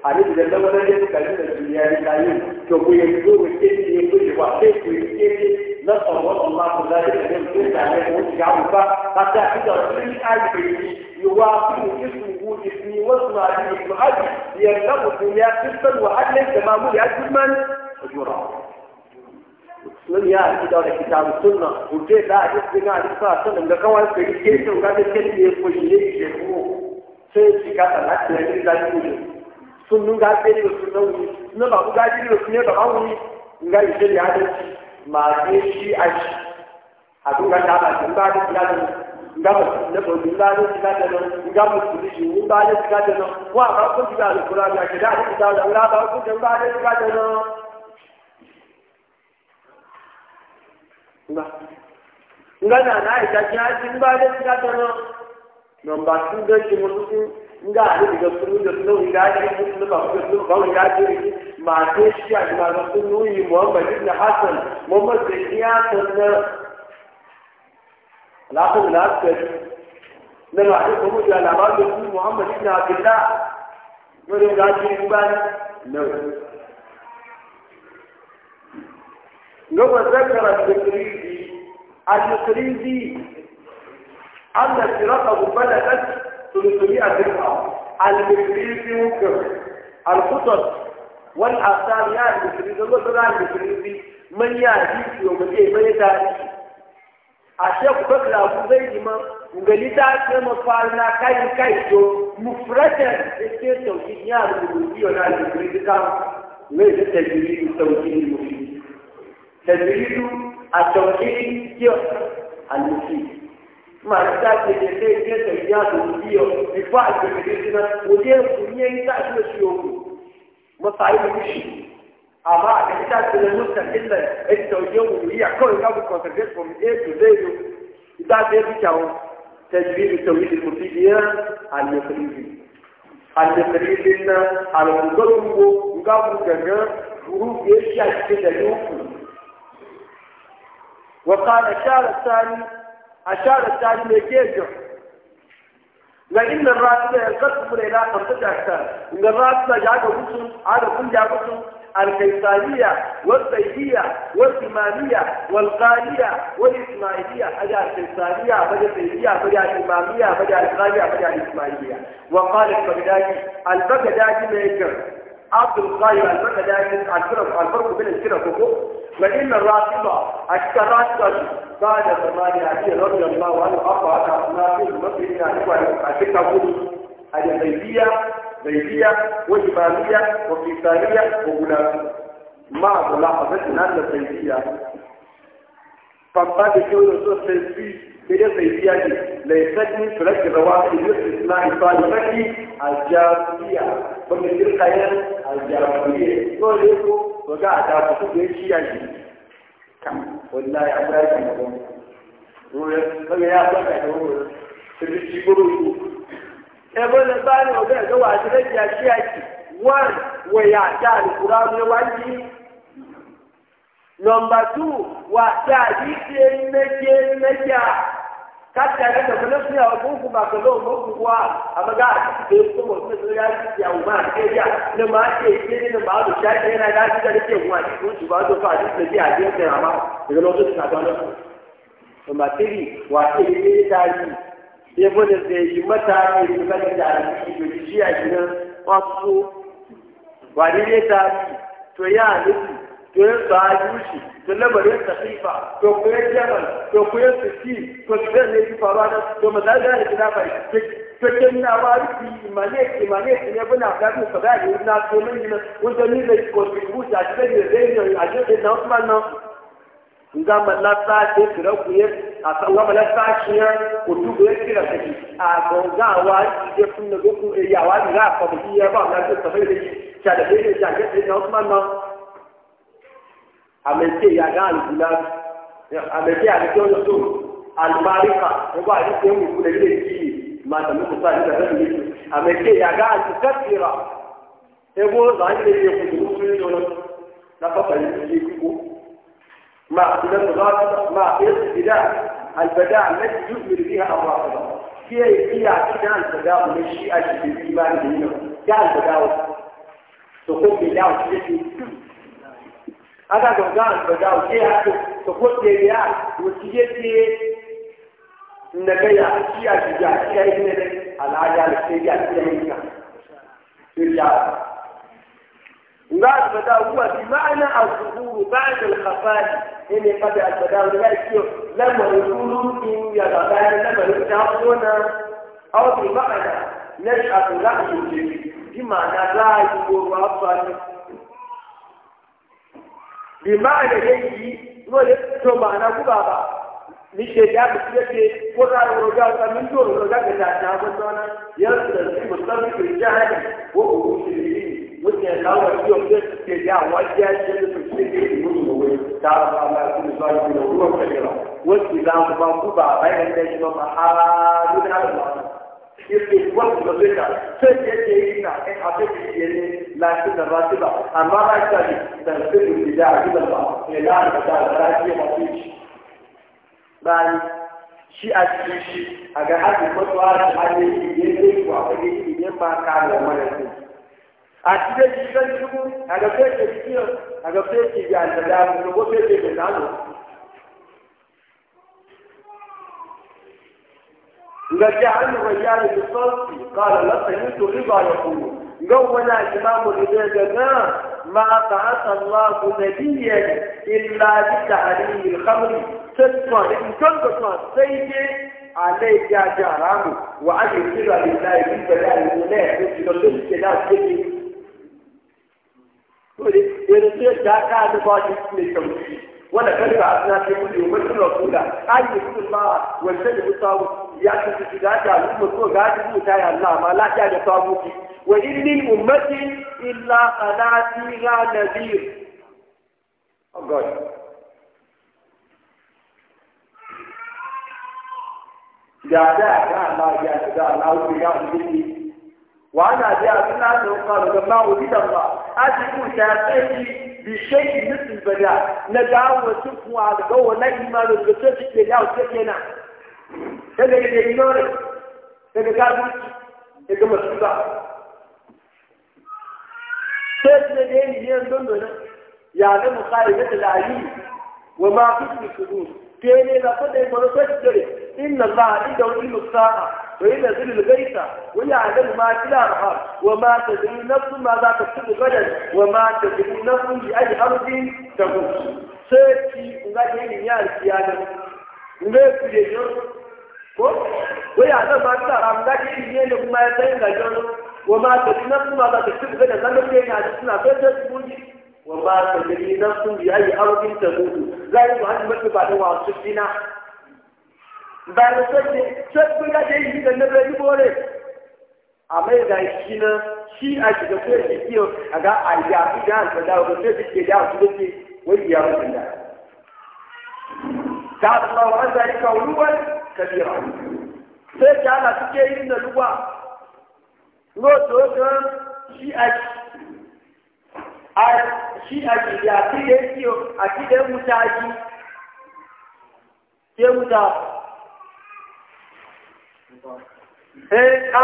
àdébí lẹ lọ́wọ́ lẹ́yìn ẹ̀kú kàlí lẹ ju ìyá ẹ̀ka yìí tòkó yẹ kó wẹ kéde yẹ kó yẹ wà kéde yẹ kéde lọ́sọ̀ wọ́n tó máa kó lálẹ́ lẹ́yìn ẹ̀kú tó ta lẹ́yìn wọ́n ti ká wù bá àti àtijọ́ ní àgbè yìí yòwò àfihàn ìsù wù ìsìn wọ́n sùn àti ìsù àjù yẹ lọ́wọ́ tó yẹ kíkọ́ wà á lẹ́yìn tẹ̀mà mú yà jù mẹ́rin ojú rọ̀. Sun ya ci da wani kitabu sunna, wuce da a cikin a cikin sa sanin ga kawai sai ke sun ga da kake ko shi ne ke ko sai shi ka tsara da shi da shi sunnu ga gari da sunna wuni sunna ba ku ga gari da sunna ba wuni nga yi shirya da shi ma ne shi a shi a duk ga ta ba sun ba da kula da nga ba su ne ba sun ba da kula da nan nga ba su shi mun ba da kula da nan wa ba ku kula da kula da ke da kula da nga ba ku ba da kula da nan nga nga na na ita ji a ji ba da kula da nan nan ba sun ga shi mun nga ale bi ka sunu jɔ sunu yi ka jiri sunu ba ko sunu ba yi ka jiri maa te si a ma ka sunu yi muhammadu ibn hasan muhammadu ibn hasan na alaafo wula asɛri na ma ale sɔmu jɔ ala ma bɛ sunu muhammadu ibn abdullah wɛrɛ ka jiri ba na o. لما ذكر التقريبي التقريبي أن الفرقة بلغت 300 درهم الافريقي الخطط والاثار يا الافريقي الله تعالى الافريقي من يعيش يوم جاي من يدعي الشيخ بكر ابو زيد ما ngali ta ce ma farna kai kai to mufrata ce tauhid ya rubuci yana da kritika ne da tajiri tauhid mufid tajiri a tauhid ya al-mufid marità tẹ̀lé tẹ̀lé ìyá lòdì ọ̀ ìfọ̀ àgbẹ̀rẹ̀ síná òdì ẹ̀kú ní ẹ̀yìn tá ìlú sí òkú mọ́tà ìlú sí àmà àgbẹ̀rẹ̀ tẹ̀lé mọ́tà ìlẹ̀ ẹ̀jẹ̀ òjò wò yí àkọ́ ìkáwé concentrate from a to z o ìdá bẹ́ẹ̀ bí kàwọ́ tẹ̀lé ìlú tẹ̀lé ìlú kò fi di ẹ́ àlẹ́fẹ̀lẹ́fẹ̀ àlẹ́fẹ̀lẹ́fẹ̀ náà àlùkò gbogbo أشار التالي ميكيجو لأن الراتب ينقسم إلى خمسة أقسام إن الراتب جاءت غسل على كل جاءتهم الكيسانية والسيدية والإمامية والقالية والإسماعيلية أجا الكيسانية أجا السيدية أجا الإمامية أجا القالية أجا الإسماعيلية وقال البغدادي البغدادي ميكر عبد القايم الفرق ده الفرق الفرق بين الفرق وكو وإن الراتبة التراتب قال زمان علي رضي الله عنه في أصناف إلى عليه الستة قدس البيتية بيتية وإمامية وقيسانية وغلام ما ملاحظتنا أن البيتية فقد يكون السلفي كده سيدياتي ليستني فلك الرواتب يسر إسماء صالحك الجافية ومن تلك الجافية نوليكو وقع دابتو بيشياني كم والله أبراك مدون ويقول يا أبراك مدون تبتشي بروكو ẹgbẹ́ lè bá ní ọ̀gá ẹ̀gbẹ́ wà sí lẹ́jì àṣí àṣì wọ́n wẹ̀yà àjá àlùkùrá ní wájú. nọmba tù wà sí àdìsí méje méje à kati ya kata kuna suna wa mungu makalo mungu wa amaga da ya kuma suna suna ya ci ya umma a ke ya na ma ke ke ne na ma da sha ke na da shi da ke umma ki kun shi ba zo fa shi da ya ke ta amma daga lokacin da ta nan to ma tiri wa ke ne ta yi ya bane da yi mata ne da kan da shi da shi ya shi nan wa su wa ne ta to ya ne to ya ba shi da lamarin tafifa to ku ya jamal to ku ya siki to ku ya ne fara da to ma da da kina bai to kin na ba ki imane imane ne bana ka ku fada ne na to mun ne wanda ni da contribute a cikin radio a cikin na Usman na nga malata ce kira ku ya a san ga malata ce ya ku dubu ya kira kake a gonga wa ji je kun ne ku ya wa ni ga fa bi ya ba na ta sai da shi ta da ne ta ga na Usman na amete yaga alugulani amete alikyoyoto alimarika oba alisemu kulele ki matamu kusali tatamilitu amete yaga alikatira ebo zanjile ye kujuru kuli yono nafaka yiki kuko ما إلى ما إلى البداء البداء التي يثمر فيها الرافضة هي هي عقيدة البداء من الشيعة في الإيمان بالله كان البداء تقوم بالله وتجد هذا جوجان بجاو شيء تقول يا وسيجي انك يا شيء شجاع شيء ابن على جال شيء شيء شجاع قال بدا هو بمعنى الظهور بعد الخفاء ان قد البدا لا يكون لما يقولون ان يغفر لما يتعبون او بمعنى نشأة رأي بمعنى لا يقول وأبصر 你的这一，我这穿嘛那裤吧吧。你这家子这些，我我讲在民族路这家这家不说呢，要是你不穿这个衣，我不去理。我讲让我就这这家我家就是这个衣服，家家们都说你有文化了。我穿上这双裤吧，买点这些东西哈，你看看。yake wasu da zai ka sai yake yi na in a sai ke ne lafi da rafi ba amma na ta ne da sirri da da ba ne da da da rafi ma su shi shi a cikin shi a ga haɗin wasu a da hanyar yi ne ne ko a fage yi ne ba ka da mana su a cikin shi kan shi a ga sai biyar a ga sai biyar da da ko sai ke da nalo نجي عن الرجال بالصلصي قال لا سمعت رضا يقول جونا الإمام الإبادة ما بعث الله نبيا إلا بتعليم الخمر ستة إن كنت سيدي عليك يا جارام وعن السر لله من بلاء المناح يجب أن تلك يرسل ذاك الباجي من التوحيد ولقد بعثنا في كل يوم رسولا أن يقول الله والسلم الطاووس ya tuntun su gaji al'umma ko gaji buta ya Allah ma lafiya da samu ki wa illil ummati illa ala tira nadir oh god ya da ga Allah ya da Allah ya da وأنا جاء من أنه قال لما أريد الله أجب شافعي بشيء مثل البلاء نجاو وسفوا على قوة لا إيمان بالبسيط بلاء وسكينا daga ignore daga gabinci daga masuba sai su da yayi yin dondo na ya ga mukhalifa da ayi wa ma fi sudur ke ne da ko da maro sai dare inna allaha inda wa ilmu sa'a wa inda zil gaita wa ya ga ma kila rahab wa ma tadri nafsu ma za ta tudu gadan wa ma tadri nafsu bi ayi ardin tabu sai ki ga yayi ya alkiyama ngai su je yo ko ko ya da ba ta ram da ki ne ne kuma ya sai ga yo wa ma ta dina kuma da ta tibu da zan ke na da suna sai da su buji wa ma ta dina sun bi ayi arbin ta mutu zai ku hanji ba da wa su dina ba da sai sai ku ga dai shi da ne ba bore amma da na shi a shiga ko ya e kiyo a ga a ya fi da alfada ko sai جعل الله عز ذلك علوا كبيرا سيجعل سكين لوا لوتو كان شيء شيء أجي أكيد أكيد أكيد متاجي يمتا eh a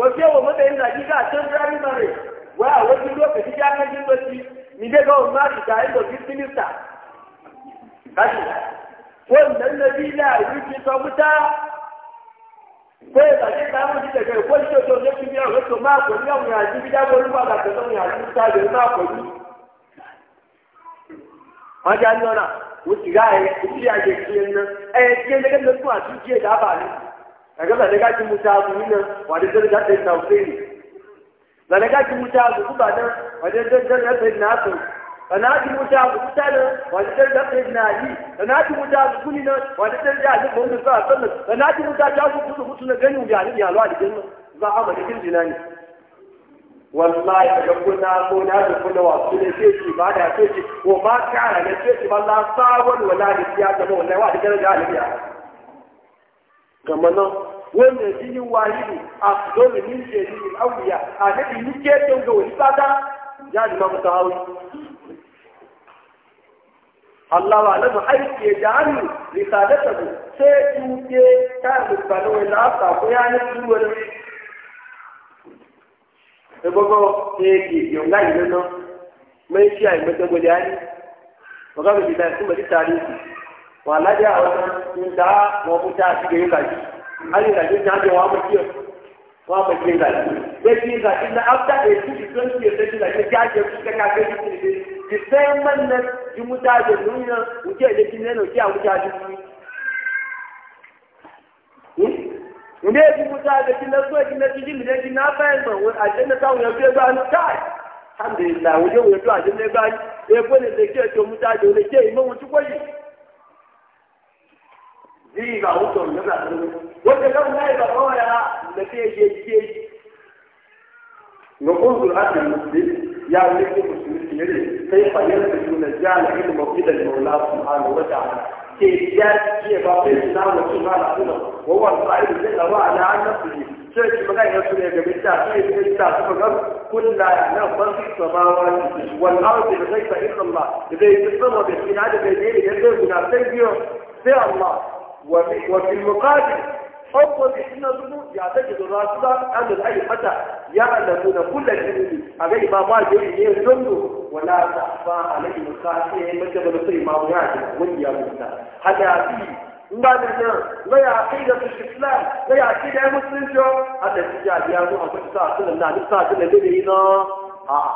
wace wa matsayin da kika can rari mare wa a wani lokaci ya kan jin bacci ni dai ga wani mari da yin da minister kashi wannan na bila yi ki ta wuta ko ya zaje ta mu daga ko shi to ne ki biya ma ko ya mu ya ji bida ko ruwa da ka san ya ji ta da ma ko ni ona ga ya ya ke ki nan eh ke daga da su a ji ke da ba ni daga da ga ki mu ta ku ni wa da da da ta ku ni daga ki mu ta ku ba nan wa da da فنادي مجاب كتلة ونزل دقل النادي فنادي مجاب كلنا ونزل جاهز فهم الفاء فلس مجاب جاهز كل خطنا جني وجاهز يا الوالد جنة ضعام لكل جناني والله يقولنا قولا يقولنا وابسل فيتي بعد فيتي وما كان لفيتي والله صاول ولا لسيادة ولا واحد كان جاهز يا كمان wannan jini wahidi a dole min jini auliya a nabi ni ke don ga wani fata ya ji ma mutahawi الله أعلم حيث يجعل رسالته سيجوك كان بلو العطا فيعني الدول ebogo teeki yonga yinono meshi ay metogo jani wakabe bila kuma di tarihi wala ja wana nda mo buta sige yukaji ali na je jaje wa mo kiyo wa ba ke zaki ya ke zaki na after a two to twenty years ya zaki ya ke su kaka kai su ne ki sai man na ji muta da nuna wuce da kin ne ki a wuta da ni ne ji muta da kin na so kin na ji ji ne kin na fa ma wa ajanna ta wuya ke ba na kai alhamdulillah wuje wuya to ajanna ba ne ko ne da ke to muta da ne ke mun wuce koyi zai ga hutun na zaɓi wanda kan na yi zaɓa ya da ke ke ke ga kunzul hakan musulmi ya wuce musulmi fiye da sai fayar da juna jana ilmi mafi da maula subhanahu wa ta'ala ke ya ke ba bai na mutum ma na kuma wawa sa'idu zai zama a na annabi sai shi magana ya sune ga bidda sai ya ta kuma ga kullu ya nan farki samawati wal ardi bi ghayri illallah idan yusma bi sinada bi dini yadda guna sai biyo sai Allah وفي المقابل حب الإحسان ذنوب يعتقد الرسول أن الأي حتى يعلمون كل الذنوب أغير ما بعد يذنب ولا تحفى عليه عليهم الخاسئة متى إيه بنصير ما ويعجب وإياه منا هذا فيه مبادرنا ويا عقيدة الإسلام لا عقيدة المسلم جو هذا الرجال يا نوح بكسا سنة لا نكسا سنة لدينا آه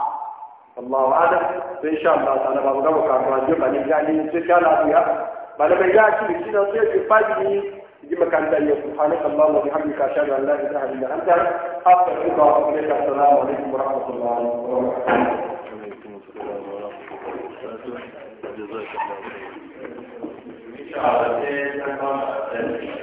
الله أعلم فإن شاء الله تعالى بابا وكان راجع عن الجاهلين سكالا فيها malamai za a ci shi na sai ce fadi ji makaranta ne subhanak allah wa bihamdika ashhadu an la ilaha illa anta astaghfiruka wa atubu ilaik assalamu alaikum wa rahmatullahi wa barakatuh